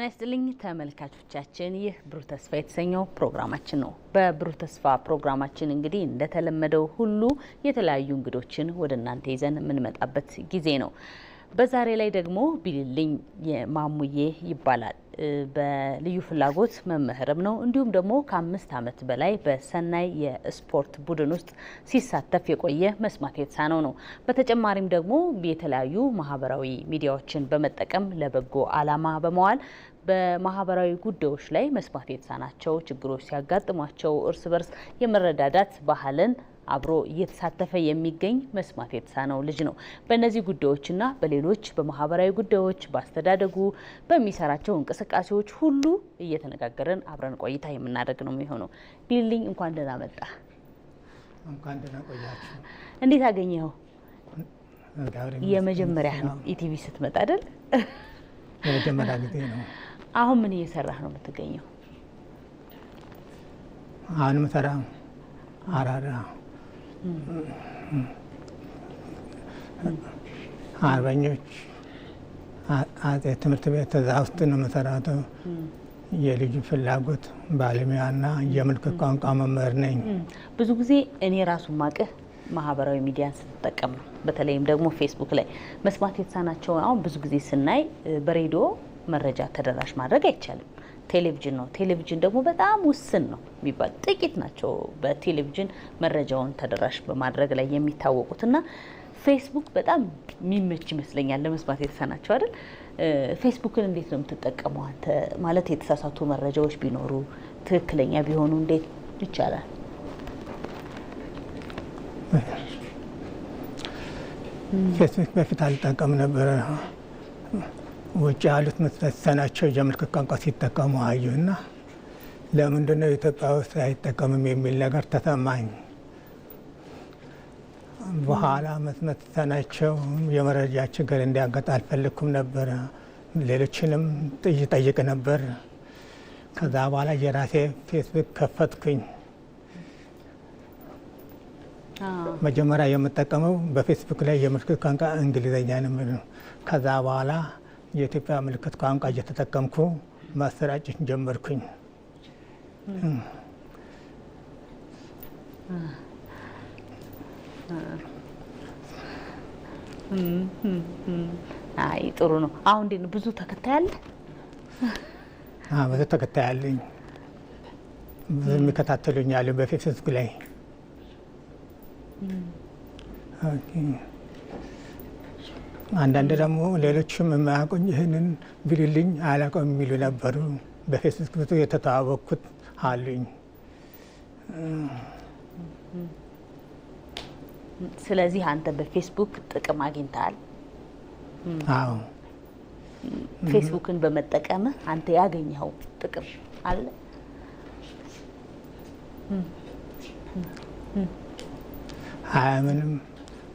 ጤና ይስጥልኝ ተመልካቾቻችን፣ ይህ ብሩህ ተስፋ የተሰኘው ፕሮግራማችን ነው። በብሩህ ተስፋ ፕሮግራማችን እንግዲህ እንደተለመደው ሁሉ የተለያዩ እንግዶችን ወደ እናንተ ይዘን የምንመጣበት ጊዜ ነው። በዛሬ ላይ ደግሞ ቢልልኝ ማሙዬ ይባላል። በልዩ ፍላጎት መምህርም ነው። እንዲሁም ደግሞ ከአምስት ዓመት በላይ በሰናይ የስፖርት ቡድን ውስጥ ሲሳተፍ የቆየ መስማት የተሳነው ነው። በተጨማሪም ደግሞ የተለያዩ ማህበራዊ ሚዲያዎችን በመጠቀም ለበጎ ዓላማ በመዋል በማህበራዊ ጉዳዮች ላይ መስማት የተሳናቸው ችግሮች ሲያጋጥሟቸው እርስ በርስ የመረዳዳት ባህልን አብሮ እየተሳተፈ የሚገኝ መስማት የተሳነው ልጅ ነው። በእነዚህ ጉዳዮችና በሌሎች በማህበራዊ ጉዳዮች በአስተዳደጉ በሚሰራቸው እንቅስቃሴዎች ሁሉ እየተነጋገረን አብረን ቆይታ የምናደርግ ነው የሚሆነው። ሊልኝ እንኳን ደህና መጣ። እንኳን ደህና ቆያችሁ። እንዴት አገኘኸው? የመጀመሪያ ነው ኢቲቪ ስትመጣ አይደል? የመጀመሪያ ጊዜ ነው። አሁን ምን እየሰራህ ነው የምትገኘው? አሁን ምሰራ አራራ አርበኞች አጼ ትምህርት ቤት እዛ ውስጥ ነው መሰራቱ። የልዩ ፍላጎት ባለሙያና የምልክት ቋንቋ መምህር ነኝ። ብዙ ጊዜ እኔ ራሱ ማቅህ ማህበራዊ ሚዲያን ስትጠቀም ነው። በተለይም ደግሞ ፌስቡክ ላይ መስማት የተሳናቸው አሁን ብዙ ጊዜ ስናይ በሬዲዮ መረጃ ተደራሽ ማድረግ አይቻልም። ቴሌቪዥን ነው። ቴሌቪዥን ደግሞ በጣም ውስን ነው የሚባል ጥቂት ናቸው በቴሌቪዥን መረጃውን ተደራሽ በማድረግ ላይ የሚታወቁት እና ፌስቡክ በጣም የሚመች ይመስለኛል ለመስማት የተሳናቸው አይደል? ፌስቡክን እንዴት ነው የምትጠቀመው አንተ? ማለት የተሳሳቱ መረጃዎች ቢኖሩ ትክክለኛ ቢሆኑ እንዴት ይቻላል? ፌስቡክ በፊት አልጠቀም ነበረ ውጭ ያሉት መተሰናቸው የምልክት ቋንቋ ሲጠቀሙ አዩና ለምንድነው ኢትዮጵያ ውስጥ አይጠቀምም የሚል ነገር ተሰማኝ። በኋላ መስመት የመረጃ ችግር እንዲያጋጥ አልፈልግኩም ነበር። ሌሎችንም ጠይቅ ነበር። ከዛ በኋላ የራሴ ፌስቡክ ከፈትኩኝ። መጀመሪያ የምጠቀመው በፌስቡክ ላይ የምልክት ቋንቋ እንግሊዘኛ ነው። ከዛ በኋላ የኢትዮጵያ ምልክት ቋንቋ እየተጠቀምኩ ማሰራጨት ጀመርኩኝ። አይ ጥሩ ነው። አሁን እንዴት ነው? ብዙ ተከታይ አለ? ብዙ ተከታይ አለኝ። ብዙ የሚከታተሉኝ አሉ በፌስቡክ ላይ አንዳንድ ደግሞ ሌሎችም የማያውቁኝ ይህንን ቢልልኝ አላቀው የሚሉ ነበሩ። በፌስቡክ የተተዋወቅኩት አሉኝ። ስለዚህ አንተ በፌስቡክ ጥቅም አግኝተሃል? አዎ። ፌስቡክን በመጠቀም አንተ ያገኘኸው ጥቅም አለ? አይ ምንም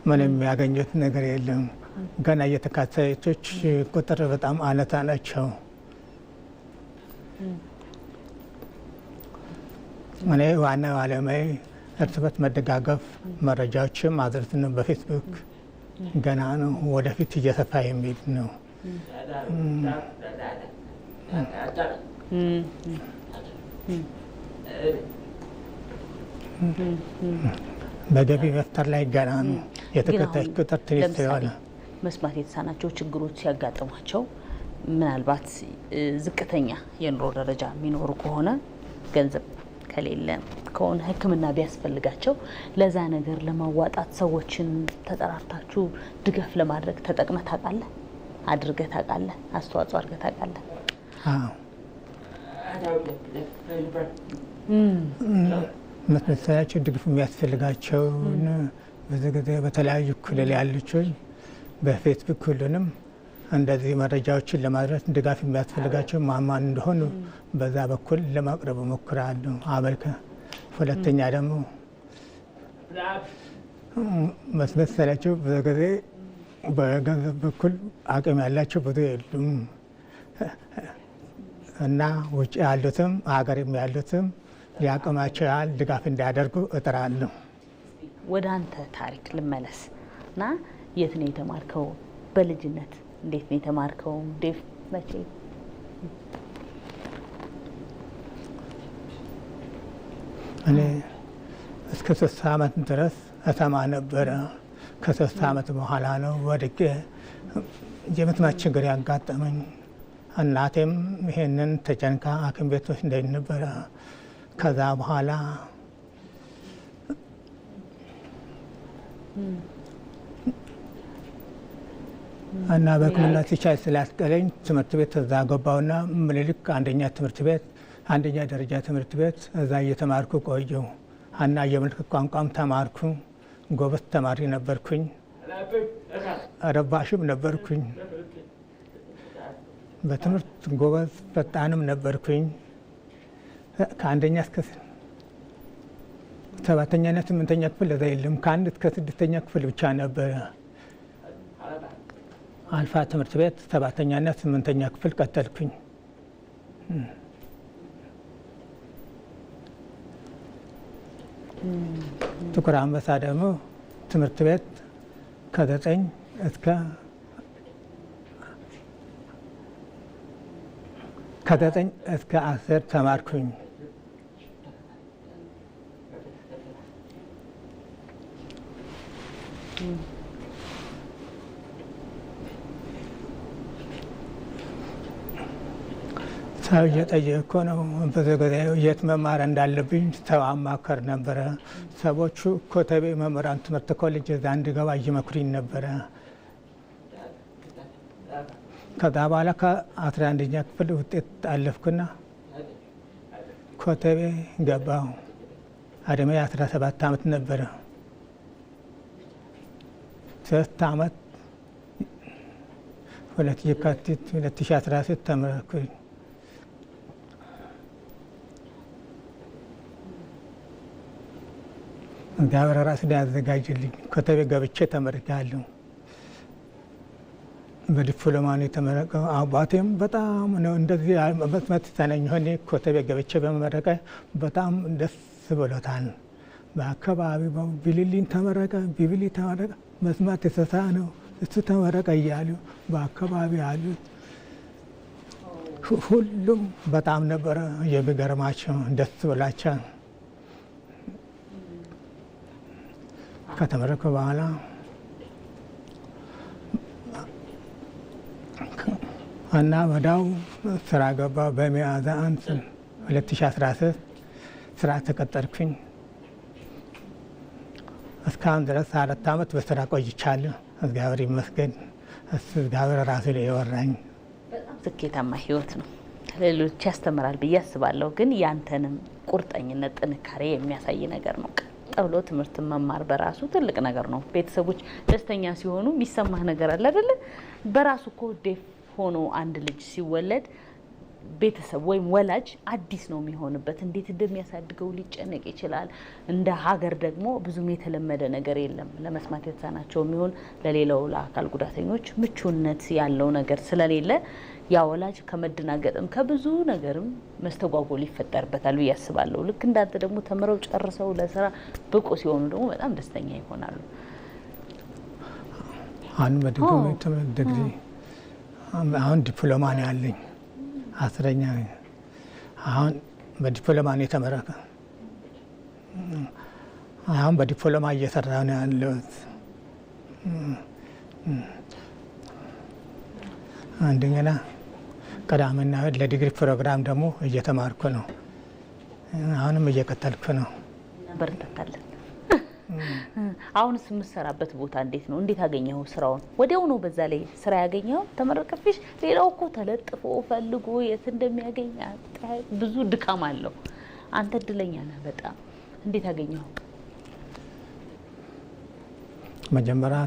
ምንም ያገኘሁት ነገር የለም። ገና የተካተቶች ቁጥር በጣም አነታ ናቸው። እኔ ዋና አለማዊ እርትበት መደጋገፍ መረጃዎችን ማድረትን በፌስቡክ ገና ነው፣ ወደፊት እየሰፋ የሚል ነው። በገቢ መፍጠር ላይ ገና ነው። የተከታዮች ቁጥር ትንሽ ስለሆነ መስማት የተሳናቸው ችግሮች ሲያጋጥሟቸው ምናልባት ዝቅተኛ የኑሮ ደረጃ የሚኖሩ ከሆነ ገንዘብ ከሌለ ከሆነ ሕክምና ቢያስፈልጋቸው ለዛ ነገር ለማዋጣት ሰዎችን ተጠራርታችሁ ድጋፍ ለማድረግ ተጠቅመ ታውቃለህ? አድርገ ታውቃለህ? አስተዋጽኦ አድርገህ ታውቃለህ? መስመት የሚያስፈልጋቸውን ድጋፍ ጊዜ በተለያዩ ክልል ያለችው በፌስቡክ ሁሉንም እንደዚህ መረጃዎችን ለማድረስ ድጋፍ የሚያስፈልጋቸው ማማን እንደሆኑ በዛ በኩል ለማቅረብ እሞክራለሁ። አበርከ ሁለተኛ ደግሞ መስመሰላቸው ብዙ ጊዜ በገንዘብ በኩል አቅም ያላቸው ብዙ የሉም እና ውጭ ያሉትም ሀገርም ያሉትም ሊያቅማቸው ያህል ድጋፍ እንዲያደርጉ እጥራለሁ። ወደ አንተ ታሪክ ልመለስ እና የት ነው የተማርከው? በልጅነት እንዴት ነው የተማርከው? ዴፍ መቼ እኔ እስከ ሶስት አመት ድረስ እሰማ ነበረ። ከሶስት አመት በኋላ ነው ወድቄ የመስማት ችግር ያጋጠመኝ። እናቴም ይሄንን ተጨንካ ሐኪም ቤቶች ወስደኝ ነበረ። ከዛ በኋላ እና በሕክምና ሲቻል ስላስጠለኝ ትምህርት ቤት እዛ ገባውና ምኒልክ አንደኛ ትምህርት ቤት አንደኛ ደረጃ ትምህርት ቤት እዛ እየተማርኩ ቆየሁ እና የምልክት ቋንቋም ተማርኩ። ጎበዝ ተማሪ ነበርኩኝ፣ ረባሽም ነበርኩኝ። በትምህርት ጎበዝ ፈጣንም ነበርኩኝ። ከአንደኛ እስከ ሰባተኛና ስምንተኛ ክፍል እዛ የለም፣ ከአንድ እስከ ስድስተኛ ክፍል ብቻ ነበረ። አልፋ ትምህርት ቤት ሰባተኛና ስምንተኛ ክፍል ቀጠልኩኝ። ጥቁር አንበሳ ደግሞ ትምህርት ቤት ከዘጠኝ እስከ ከዘጠኝ እስከ አስር ተማርኩኝ። እየጠየቅኩ ነው። ብዙ ጊዜ የት መማር እንዳለብኝ ሰው አማከር ነበረ። ሰዎቹ ኮተቤ መምህራን ትምህርት ኮሌጅ እዛ እንድገባ እየመኩሪኝ ነበረ። ከዛ በኋላ ከአስራ አንደኛ ክፍል ውጤት አለፍኩና ኮተቤ ገባሁ። አድሜ ሰባት ዓመት ነበረ። ሶስት ዓመት ሁለት የካቲት ሁለት ሺ አስራ 2016 ተመረኩኝ። በአብረራ ስዳ ያዘጋጅልኝ ከተቤት ገብቼ ተመርቄያለሁ። በዲፕሎማ ነው የተመረቀው። አባቴም በጣም ነው እንደዚህ መስመት ተነኝ ሆኔ ኮተቤት ገብቼ በመመረቀ በጣም ደስ ብሎታል። በአካባቢ ቢልሊን ተመረቀ፣ ቢብሊ ተመረቀ፣ መስመት የተሳ ነው እሱ ተመረቀ እያሉ በአካባቢ ያሉት ሁሉም በጣም ነበረ የሚገርማቸው ደስ ብላቸው ከተመረከ በኋላ እና ወዳው ስራ ገባ። በሚያዝያ አንድ 2013 ስራ ተቀጠርኩኝ። እስካሁን ድረስ አራት ዓመት በስራ ቆይቻለሁ። እግዚአብሔር ይመስገን። እግዚአብሔር ራሱ ላይ የወራኝ ስኬታማ ህይወት ነው። ሌሎች ያስተምራል ብዬ አስባለሁ። ግን ያንተንም ቁርጠኝነት ጥንካሬ የሚያሳይ ነገር ነው። ብሎ ትምህርት መማር በራሱ ትልቅ ነገር ነው። ቤተሰቦች ደስተኛ ሲሆኑ የሚሰማህ ነገር አለ አይደለ? በራሱ እኮ ዴፍ ሆኖ አንድ ልጅ ሲወለድ ቤተሰብ ወይም ወላጅ አዲስ ነው የሚሆንበት። እንዴት እንደሚያሳድገው ሊጨነቅ ይችላል። እንደ ሀገር ደግሞ ብዙም የተለመደ ነገር የለም። ለመስማት የተሳናቸው የሚሆን ለሌላው ለአካል ጉዳተኞች ምቹነት ያለው ነገር ስለሌለ ያ ወላጅ ከመደናገጥም ከብዙ ነገርም መስተጓጎል ይፈጠርበታል ብዬ አስባለሁ። ልክ እንዳንተ ደግሞ ተምረው ጨርሰው ለስራ ብቁ ሲሆኑ ደግሞ በጣም ደስተኛ ይሆናሉ። አሁን በድግሪ አሁን ዲፕሎማ ነው ያለኝ አስረኛ አሁን በዲፕሎማ ነው የተመረቀ። አሁን በዲፕሎማ እየሰራ ነው ያለሁት። አንደኛ ቀዳምና ለዲግሪ ፕሮግራም ደግሞ እየተማርኩ ነው። አሁንም እየቀጠልኩ ነው። በርታታለን። አሁንስ የምትሰራበት ቦታ እንዴት ነው? እንዴት አገኘው ስራውን? ወዲያው ነው በዛ ላይ ስራ ያገኘው ተመረቀፊሽ? ሌላው እኮ ተለጥፎ ፈልጎ የት እንደሚያገኝ ብዙ ድካም አለው። አንተ እድለኛ ነህ በጣም። እንዴት አገኘው? መጀመሪያ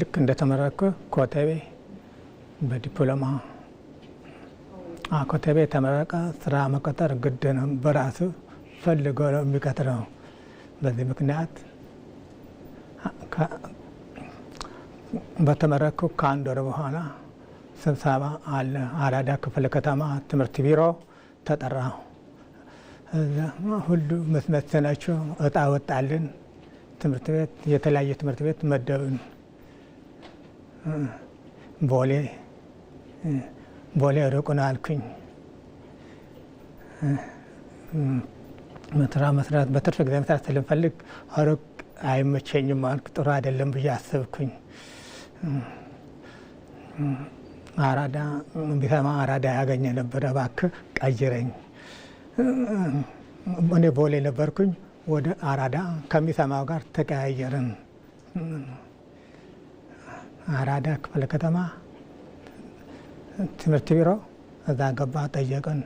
ልክ እንደተመረቅኩ ኮተቤ በዲፕሎማ ኮተቤ ተመረቀ። ስራ መቀጠር ግድ ነው፣ በራሱ ፈልጎ ነው የሚቀጥረው። በዚህ ምክንያት በተመረኩ ከአንድ ወር በኋላ ስብሰባ አለ። አራዳ ክፍለ ከተማ ትምህርት ቢሮ ተጠራ። ሁሉ መስመሰናቸው እጣ ወጣልን። ትምህርት ቤት የተለያየ ትምህርት ቤት መደብን። ቦሌ ቦሌ ርቁን አልኩኝ። ስራ መስራት በትርፍ ጊዜ መስራት ስለምፈልግ አይመቸኝም አልክ። ጥሩ አይደለም ብዬ አሰብኩኝ። አራዳ ቢሰማ አራዳ ያገኘ ነበረ። እባክህ ቀይረኝ። እኔ ቦሌ ነበርኩኝ። ወደ አራዳ ከሚሰማው ጋር ተቀያየርን። አራዳ ክፍለ ከተማ ትምህርት ቢሮ እዛ ገባ። ጠየቅን።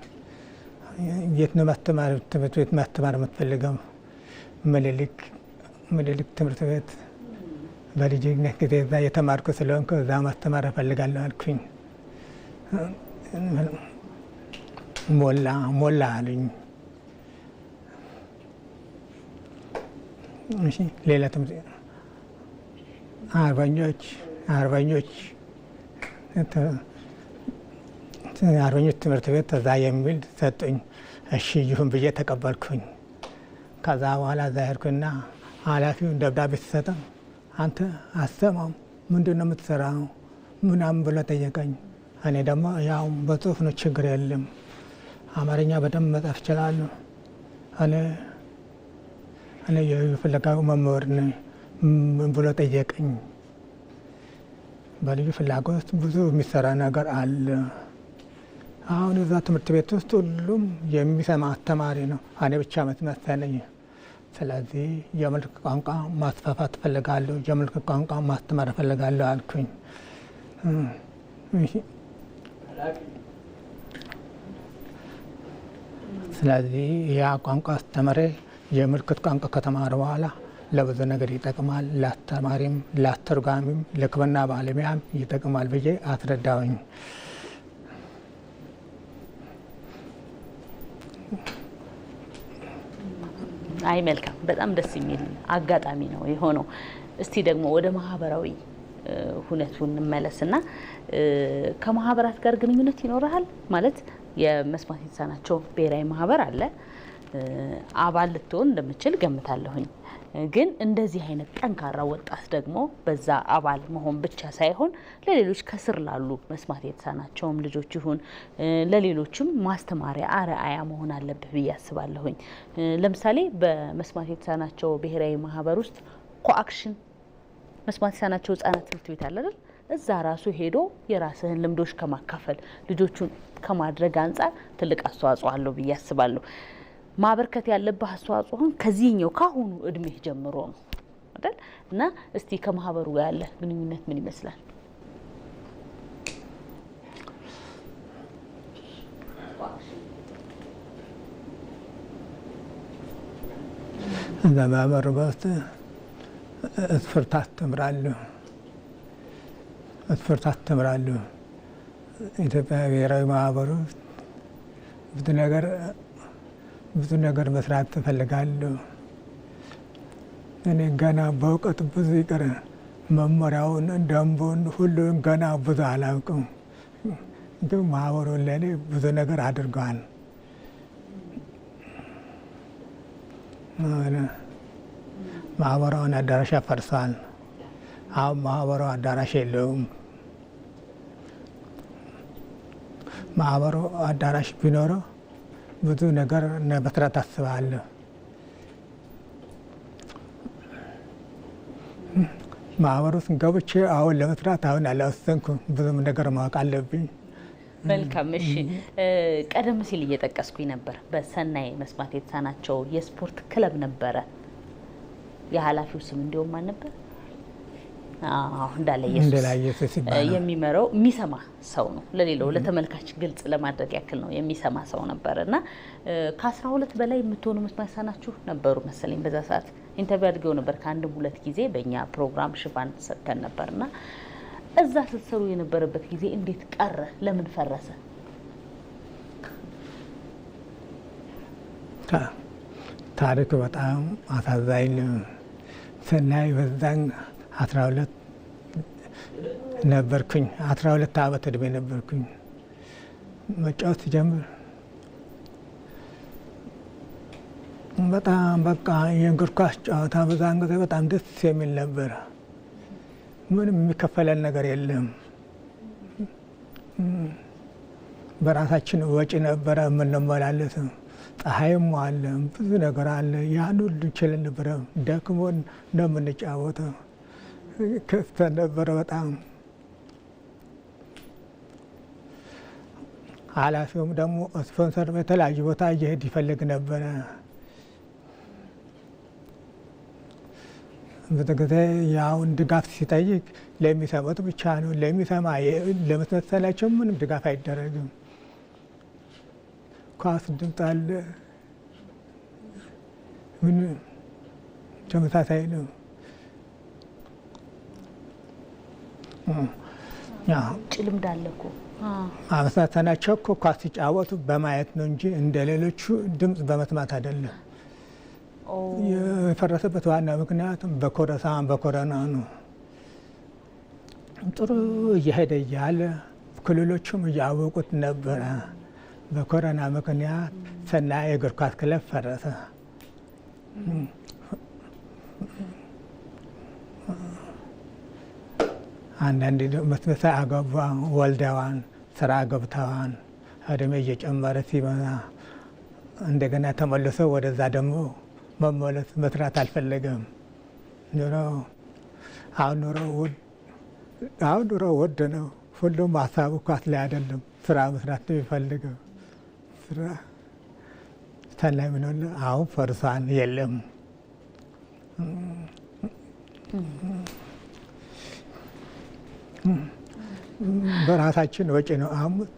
የት ነው መስተማር ትምህርት ቤት መስተማር የምትፈልገው? ምኒልክ ምኒልክ ትምህርት ቤት በልጅነት ጊዜ እዛ የተማርኩ ስለሆንኩ እዛ ማስተማር እፈልጋለሁ አልኩኝ። ሞላ ሞላ አሉኝ። እሺ ሌላ ትምህርት አርበኞች አርበኞች አርበኞች ትምህርት ቤት እዛ የሚል ሰጡኝ። እሺ ይሁን ብዬ ተቀበልኩኝ። ከዛ በኋላ እዛ ሄድኩና ኃላፊውን ደብዳቤ ስሰጠ አንተ አሰማም ምንድን ነው የምትሰራ ምናምን ብሎ ጠየቀኝ። እኔ ደግሞ ያው በጽሁፍ ነው ችግር የለም አማርኛ በደንብ መጻፍ እችላለሁ። እኔ እኔ የፍለጋ መምህር ነኝ ብሎ ጠየቀኝ። በልዩ ፍላጎት ብዙ የሚሰራ ነገር አለ። አሁን እዛ ትምህርት ቤት ውስጥ ሁሉም የሚሰማ አስተማሪ ነው። እኔ ብቻ መሰለኝ ስለዚህ የምልክ ቋንቋ ማስፋፋት እፈልጋለሁ፣ የምልክ ቋንቋ ማስተማር እፈልጋለሁ አልኩኝ። ስለዚህ ያ ቋንቋ አስተምሬ የምልክት ቋንቋ ከተማረ በኋላ ለብዙ ነገር ይጠቅማል፣ ለአስተማሪም፣ ለአስተርጓሚም፣ ለሕክምና ባለሙያም ይጠቅማል ብዬ አስረዳውኝ። አይ መልካም፣ በጣም ደስ የሚል አጋጣሚ ነው የሆነው። እስቲ ደግሞ ወደ ማህበራዊ ሁነቱ እንመለስና ከማህበራት ጋር ግንኙነት ይኖረሃል ማለት የመስማት የተሳናቸው ብሔራዊ ማህበር አለ አባል ልትሆን እንደምችል ገምታለሁኝ። ግን እንደዚህ አይነት ጠንካራ ወጣት ደግሞ በዛ አባል መሆን ብቻ ሳይሆን ለሌሎች ከስር ላሉ መስማት የተሳናቸውም ልጆች ይሁን ለሌሎችም ማስተማሪያ አርአያ መሆን አለብህ ብዬ አስባለሁኝ። ለምሳሌ በመስማት የተሳናቸው ብሔራዊ ማህበር ውስጥ ኮአክሽን መስማት የተሳናቸው ህጻናት ትምህርት ቤት አለ አይደል? እዛ ራሱ ሄዶ የራስህን ልምዶች ከማካፈል ልጆቹን ከማድረግ አንጻር ትልቅ አስተዋጽኦ አለው ብዬ አስባለሁ። ማበርከት ያለብህ አስተዋጽኦን ከዚህኛው ካሁኑ እድሜህ ጀምሮ ነው አይደል? እና እስቲ ከማህበሩ ጋር ያለ ግንኙነት ምን ይመስላል? በማህበሩ በውስጥ እትፍርት አስተምራለሁ እትፍርት አስተምራለሁ ኢትዮጵያ ብሔራዊ ማህበሩ ውስጥ ብዙ ነገር ብዙ ነገር መስራት እፈልጋለሁ። እኔ ገና በእውቀት ብዙ ይቅር መመሪያውን ደንቡን ሁሉን ገና ብዙ አላውቅም፣ ግን ማህበሩን ለእኔ ብዙ ነገር አድርገዋል። ማህበራውን አዳራሽ ያፈርሷል። አሁን ማህበሩ አዳራሽ የለውም። ማህበሩ አዳራሽ ቢኖረው ብዙ ነገር መስራት በስራት አስባለሁ። ማህበሩ ውስጥ ገብቼ አሁን ለመስራት አሁን አላወሰንኩም። ብዙም ነገር ማወቅ አለብኝ። መልካም እሺ። ቀደም ሲል እየጠቀስኩኝ ነበር በሰናይ መስማት የተሳናቸው የስፖርት ክለብ ነበረ። የኃላፊው ስም እንዲሁም ማን ነበር? እንዳለየሱስ የሚመራው የሚሰማ ሰው ነው። ለሌላው ለተመልካች ግልጽ ለማድረግ ያክል ነው የሚሰማ ሰው ነበር እና ከአስራ ሁለት በላይ የምትሆኑ የምትማሳናችሁ ነበሩ መሰለኝ። በዛ ሰዓት ኢንተርቪው አድርገው ነበር ከአንድም ሁለት ጊዜ በእኛ ፕሮግራም ሽፋን ሰጥተን ነበርና እዛ ስትሰሩ የነበረበት ጊዜ እንዴት ቀረ? ለምን ፈረሰ? ታሪክ በጣም አሳዛኝ ስናይ በዛን 12 ነበርኩኝ። አስራ 12 አመት እድሜ ነበርኩኝ። መጫወት ጀምር በጣም በቃ የእግር ኳስ ጨዋታ በዛን ጊዜ በጣም ደስ የሚል ነበር ምንም የሚከፈለን ነገር የለም። በራሳችን ወጪ ነበረ የምንመላለስ። ፀሐይም አለ፣ ብዙ ነገር አለ። ያን ሁሉ ችለን ነበረ። ደክሞን ነው የምንጫወተው። ይከፍተን ነበረ። በጣም ኃላፊውም ደግሞ ስፖንሰር በተለያዩ ቦታ እየሄድ ይፈልግ ነበረ። ብዙ ጊዜ ያውን ድጋፍ ሲጠይቅ ለሚሰሙት ብቻ ነው። ለሚሰማ ለመሰላቸው ምንም ድጋፍ አይደረግም። ኳስ ድምፅ አለ ምን ተመሳሳይ ነው። ጭልምድ አለ እኮ አመሳተናቸው እኮ ኳስ ሲጫወቱ በማየት ነው እንጂ እንደ ሌሎቹ ድምፅ በመስማት አይደለም። የፈረሰበት ዋና ምክንያቱም በኮረሳ በኮረና ነው። ጥሩ እየሄደ እያለ ክልሎቹም እያወቁት ነበረ። በኮረና ምክንያት ሰናይ እግር ኳስ ክለብ ፈረሰ። አንዳንድ መትመሳ አገባ ወልደዋን ስራ ገብተዋን እድሜ እየጨመረ ሲመና እንደገና ተመልሶ ወደዛ ደግሞ መመለስ መስራት አልፈለገም። ኑሮ አሁን ኑሮ ውድ አሁን ኑሮ ነው። ሁሉም ሀሳቡ ኳስ ላይ አይደለም፣ ስራ መስራት ነው የሚፈልገው። ስራ ተለምኖ አሁን ፈርሷን የለም። በራሳችን ወጪ ነው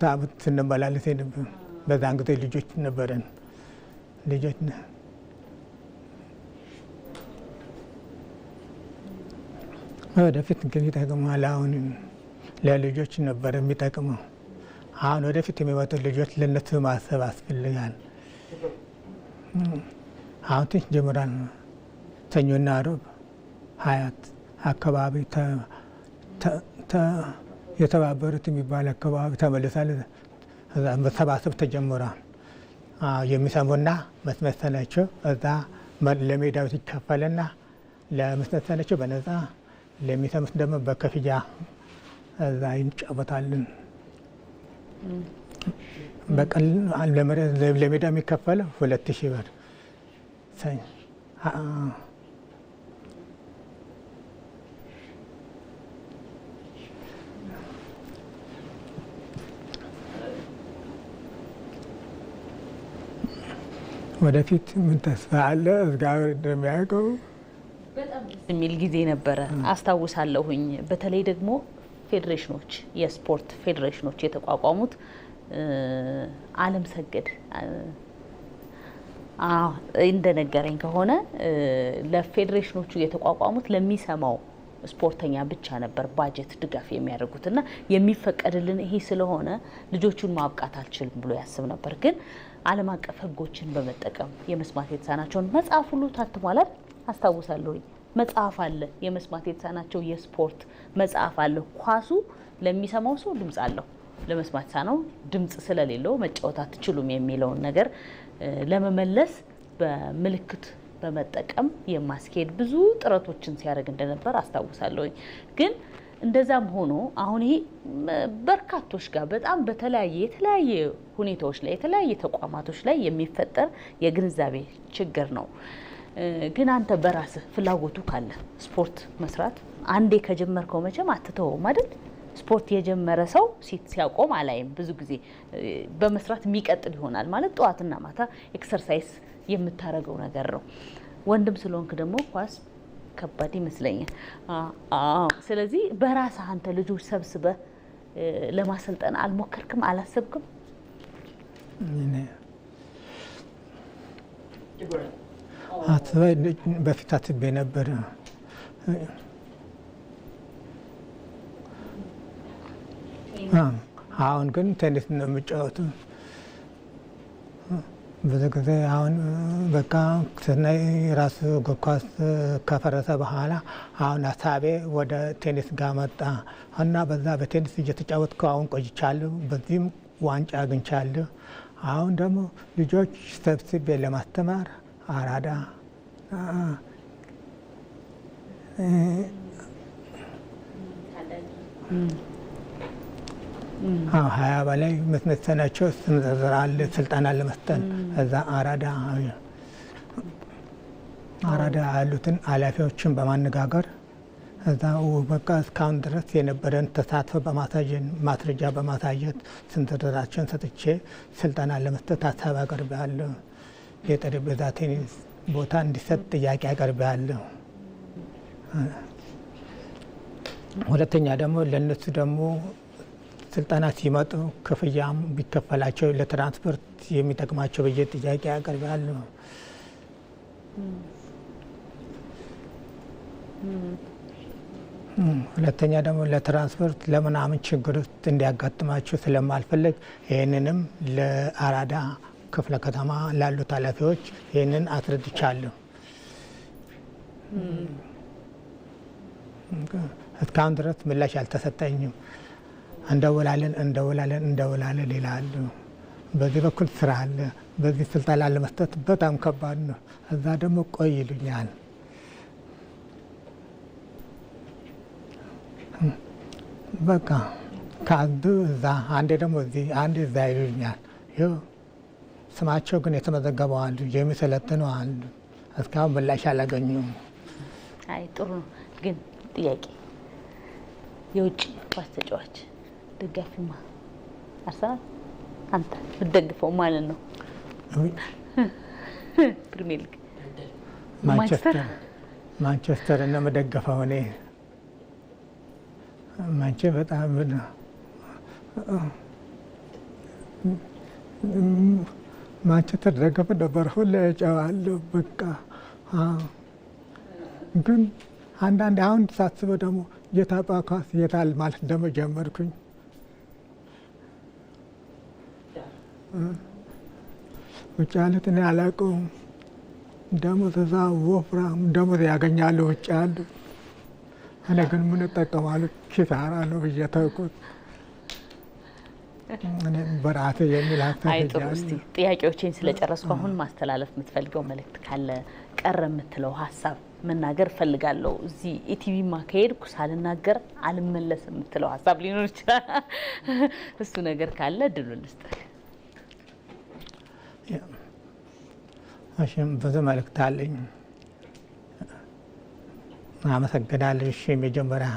ታብት ስንመላለስ ነበር። በዛን ጊዜ ልጆች ነበረን። ልጆች ወደፊት እንግዲህ ይጠቅመዋል። አሁን ለልጆች ነበር የሚጠቅመው። አሁን ወደፊት የሚመጡ ልጆች ለነሱ ማሰብ አስፈልጋል። አሁን ትንሽ ጀምራል። ሰኞና ሮብ ሀያት አካባቢ የተባበሩት የሚባል አካባቢ ተመልሳል። መሰባሰብ ተጀምሯ የሚሰሙና መስመሰላቸው እዛ ለሜዳው ይከፈልና ለመስመሰላቸው በነፃ ለሚሰሙት ደግሞ በክፍያ እዛ ይጫወታልን። በቀን ለሜዳ የሚከፈለው ሁለት ሺህ ብር ወደፊት ምን ተስፋ አለ እግዚአብሔር እንደሚያውቀው የሚል ጊዜ ነበረ አስታውሳለሁኝ። በተለይ ደግሞ ፌዴሬሽኖች፣ የስፖርት ፌዴሬሽኖች የተቋቋሙት አለም ሰገድ እንደነገረኝ ከሆነ ለፌዴሬሽኖቹ የተቋቋሙት ለሚሰማው ስፖርተኛ ብቻ ነበር ባጀት ድጋፍ የሚያደርጉትና የሚፈቀድልን ይሄ ስለሆነ ልጆቹን ማብቃት አልችልም ብሎ ያስብ ነበር ግን ዓለም አቀፍ ሕጎችን በመጠቀም የመስማት የተሳናቸውን መጽሐፍ ሁሉ ታትሟላል። አስታውሳለሁ መጽሐፍ አለ። የመስማት የተሳናቸው የስፖርት መጽሐፍ አለ። ኳሱ ለሚሰማው ሰው ድምፅ አለው፣ ለመስማት የተሳነው ድምፅ ስለሌለው መጫወት አትችሉም የሚለውን ነገር ለመመለስ በምልክት በመጠቀም የማስኬድ ብዙ ጥረቶችን ሲያደርግ እንደነበር አስታውሳለሁኝ ግን እንደዛም ሆኖ አሁን ይሄ በርካቶች ጋር በጣም በተለያየ የተለያየ ሁኔታዎች ላይ የተለያየ ተቋማቶች ላይ የሚፈጠር የግንዛቤ ችግር ነው። ግን አንተ በራስህ ፍላጎቱ ካለ ስፖርት መስራት አንዴ ከጀመርከው መቼም አትተወውም አይደል? ስፖርት የጀመረ ሰው ሲያቆም አላይም። ብዙ ጊዜ በመስራት የሚቀጥል ይሆናል ማለት ጠዋትና ማታ ኤክሰርሳይዝ የምታደርገው ነገር ነው። ወንድም ስለሆንክ ደግሞ ኳስ ከባድ ይመስለኛል። ስለዚህ በራስህ አንተ ልጆች ሰብስበ ለማሰልጠን አልሞከርክም? አላሰብክም? በፊት አትቤ ነበር። አሁን ግን ቴኒስ ነው የምጫወተው። ብዙ ጊዜ አሁን በቃ ስናይ ራሱ እግር ኳስ ከፈረሰ በኋላ አሁን ሀሳቤ ወደ ቴኒስ ጋር መጣ እና በዛ በቴኒስ እየተጫወትኩ አሁን ቆይቻለሁ። በዚህም ዋንጫ አግኝቻለሁ። አሁን ደግሞ ልጆች ሰብስቤ ለማስተማር አራዳ ሀያ በላይ የምትመሰላቸው ስምዝራል ስልጠና ለመስጠት እዛ አራዳ አራዳ ያሉትን ኃላፊዎችን በማነጋገር እዛ በቃ እስካሁን ድረስ የነበረን ተሳትፎ በማሳየት ማስረጃ በማሳየት ስንዝራችን ሰጥቼ ስልጠና ለመስጠት ሀሳብ አቀርባለሁ። የጠረጴዛ ቴኒስ ቦታ እንዲሰጥ ጥያቄ አቀርባለሁ። ሁለተኛ ደግሞ ለእነሱ ደግሞ ስልጠና ሲመጡ ክፍያም ቢከፈላቸው ለትራንስፖርት የሚጠቅማቸው ብዬ ጥያቄ ያቀርባል። ሁለተኛ ደግሞ ለትራንስፖርት ለምናምን ችግር ውስጥ እንዲያጋጥማቸው ስለማልፈልግ ይህንንም ለአራዳ ክፍለ ከተማ ላሉት ኃላፊዎች ይህንን አስረድቻለሁ። እስካሁን ድረስ ምላሽ አልተሰጠኝም። እንደውላለን እንደውላለን እንደውላለን ይላል። በዚህ በኩል ስራ አለ፣ በዚህ ስልጠና ለመስጠት በጣም ከባድ ነው። እዛ ደግሞ ቆይ ይሉኛል። በቃ ከአንዱ እዛ አንዴ ደግሞ እዚህ አንዴ እዛ ይሉኛል። ስማቸው ግን የተመዘገበው አሉ የሚሰለጥነው አሉ። እስካሁን ምላሽ አላገኙም። አይ ጥሩ ነው ግን ጥያቄ የውጭ ኳስ ተጫዋች ደጋፊማ አርሰናል አንተ ብትደግፈው ማለት ነው። ፕሪሚየር ሊግ ማንቸስተር ማንቸስተር እና መደገፋ እኔ ማንቸ በጣም ማንቸስተር ደገፈ ነበር ሁሌ እጨዋለሁ በቃ ግን አንዳንድ አሁን ሳስበው ደግሞ የታጳ ኳስ የታል ማለት እንደመጀመርኩኝ ውጫሉት እኔ አላውቀውም። ደግሞ ተዛ ወፍራም ደግሞ ያገኛለሁ ውጭ አሉ። እኔ ግን ምን እጠቀማለሁ? ኪሳራ ነው ብዬ ተውኩት። በራሴ የሚል ጥያቄዎችን ስለጨረስኩ አሁን ማስተላለፍ የምትፈልገው መልእክት ካለ ቀረ የምትለው ሀሳብ መናገር እፈልጋለሁ። እዚህ ኢቲቪ ማካሄድኩ ሳልናገር አልመለስ የምትለው ሀሳብ ሊኖር ይችላል። እሱ ነገር ካለ ድሉ ልስጥ እሺም ብዙ መልእክት አለኝ። አመሰግናለሁ። እሺ የመጀመሪያ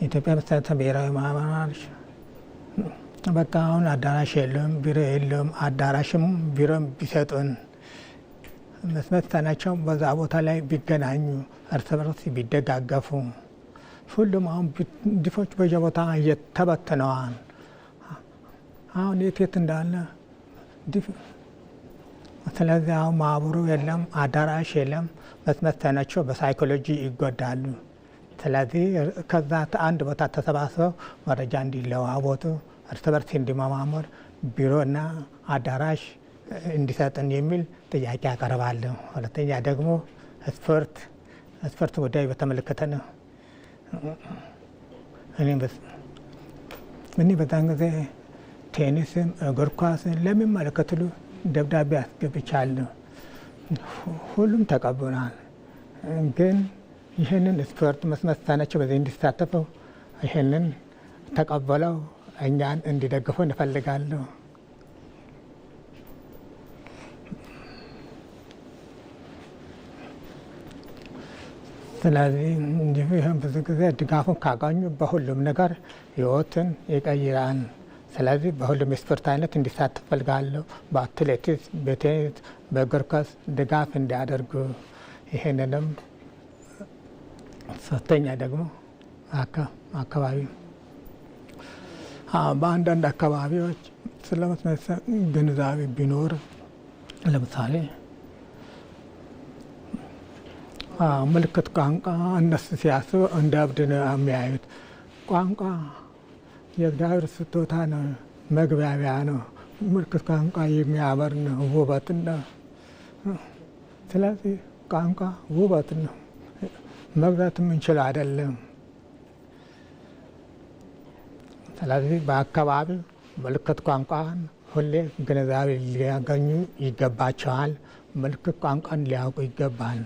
የኢትዮጵያ መሰረተ ብሔራዊ ማህበራች በቃ አሁን አዳራሽ የለም፣ ቢሮ የለም። አዳራሽም ቢሮም ቢሰጡን መስመት ሰናቸው በዛ ቦታ ላይ ቢገናኙ እርስ በርስ ቢደጋገፉ ሁሉም አሁን ድፎች በየቦታ እየተበትነዋል። አሁን የት እንዳለ ስለዚህ አሁን ማህበሩ የለም፣ አዳራሽ የለም። በስመተነቸው በሳይኮሎጂ ይጎዳሉ። ስለዚህ ከዛ አንድ ቦታ ተሰባስበው መረጃ እንዲለዋወጡ እርስ በርስ እንዲመማመር ቢሮና አዳራሽ እንዲሰጥን የሚል ጥያቄ ያቀርባለሁ። ሁለተኛ ደግሞ ስፖርት ስፖርት ጉዳይ በተመለከተ ነው። እኔ በዛን ጊዜ ቴኒስም እግር ኳስን ለሚመለከትሉ ደብዳቤ አስገብቻለሁ። ሁሉም ተቀብሏል። ግን ይህንን ስፖርት መስመት በዚህ እንዲሳተፈው ይህንን ተቀበለው እኛን እንዲደግፉ እንፈልጋለሁ። ስለዚህ እንዲሁ ብዙ ጊዜ ድጋፉን ካገኙ በሁሉም ነገር ህይወትን ይቀይራል። ስለዚህ በሁሉም የስፖርት አይነት እንዲሳተፍ ፈልጋለሁ። በአትሌቲክስ፣ በቴኒስ፣ በእግር ኳስ ድጋፍ እንዲያደርጉ ይህንንም ሶስተኛ ደግሞ አካባቢ በአንዳንድ አካባቢዎች ስለመስመሰ መስመሰል ግንዛቤ ቢኖር ለምሳሌ ምልክት ቋንቋ እነሱ ሲያስቡ እንደ እብድ ነው የሚያዩት ቋንቋ የእግዚአብሔር ስጦታ ነው። መግቢያቢያ ነው። ምልክት ቋንቋ የሚያበር ነው። ውበት ነው። ስለዚህ ቋንቋ ውበት ነው። መግዛት የምንችል አይደለም። ስለዚህ በአካባቢ ምልክት ቋንቋን ሁሌ ግንዛቤ ሊያገኙ ይገባቸዋል። ምልክት ቋንቋን ሊያውቁ ይገባል።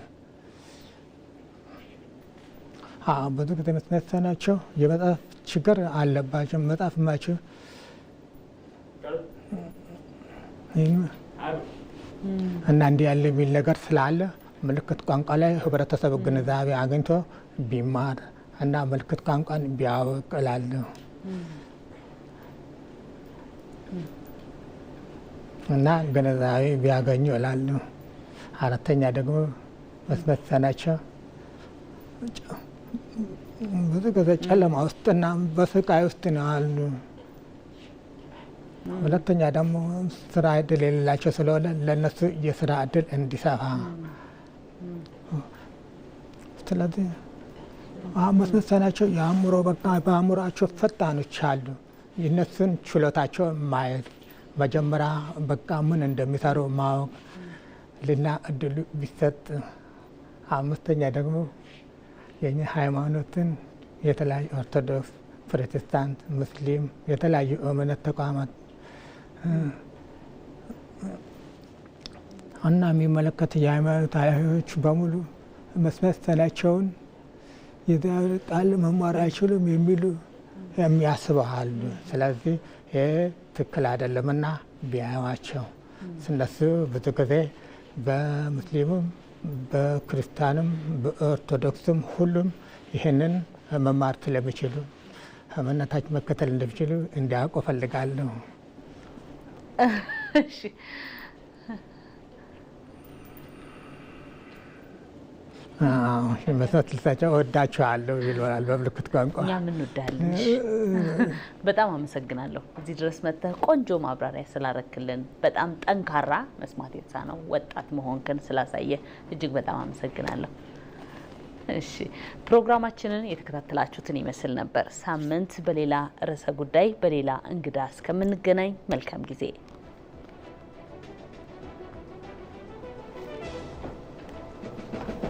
ብዙ ጊዜ የምትነሰናቸው የመጽሐፍ ችግር አለባቸው። መጣፍ ማችው እና እንዲህ ያለ የሚል ነገር ስላለ ምልክት ቋንቋ ላይ ህብረተሰብ ግንዛቤ አግኝቶ ቢማር እና ምልክት ቋንቋን ቢያውቅ እና ግንዛቤ ቢያገኙ እላለሁ። አራተኛ ደግሞ መስመሰናቸው ብዙ ጊዜ ጨለማ ውስጥና በስቃይ ውስጥ ነው አሉ። ሁለተኛ ደግሞ ስራ እድል የሌላቸው ስለሆነ ለእነሱ የስራ እድል እንዲሰፋ፣ ስለዚህ መስመሰናቸው የአእምሮ በቃ በአእምሯቸው ፈጣኖች አሉ። የእነሱን ችሎታቸው ማየት መጀመሪያ በቃ ምን እንደሚሰሩ ማወቅ ልና እድሉ ቢሰጥ፣ አምስተኛ ደግሞ ሃይማኖትን የተለያዩ ኦርቶዶክስ፣ ፕሮቴስታንት፣ ሙስሊም የተለያዩ እምነት ተቋማት እና የሚመለከት የሃይማኖት ኃላፊዎች በሙሉ መስመሰላቸውን ይጣል መማር አይችሉም የሚሉ የሚያስበሃሉ። ስለዚህ ይህ ትክክል አይደለምና ቢያዩዋቸው እነሱ ብዙ ጊዜ በሙስሊሙም በክርስቲያንም በኦርቶዶክስም ሁሉም ይህንን መማር ስለሚችሉ እምነታችን መከተል እንደሚችሉ እንዲያውቁ እፈልጋለሁ። መስነት ልሳቸው እወዳችኋለሁ ይለናል በምልክት ቋንቋ። እኛም እንወዳለን። በጣም አመሰግናለሁ እዚህ ድረስ መጥተህ ቆንጆ ማብራሪያ ስላረክልን፣ በጣም ጠንካራ መስማት የተሳነው ወጣት መሆንክን ስላሳየ እጅግ በጣም አመሰግናለሁ። እሺ ፕሮግራማችንን የተከታተላችሁትን ይመስል ነበር። ሳምንት በሌላ ርዕሰ ጉዳይ በሌላ እንግዳ እስከምንገናኝ መልካም ጊዜ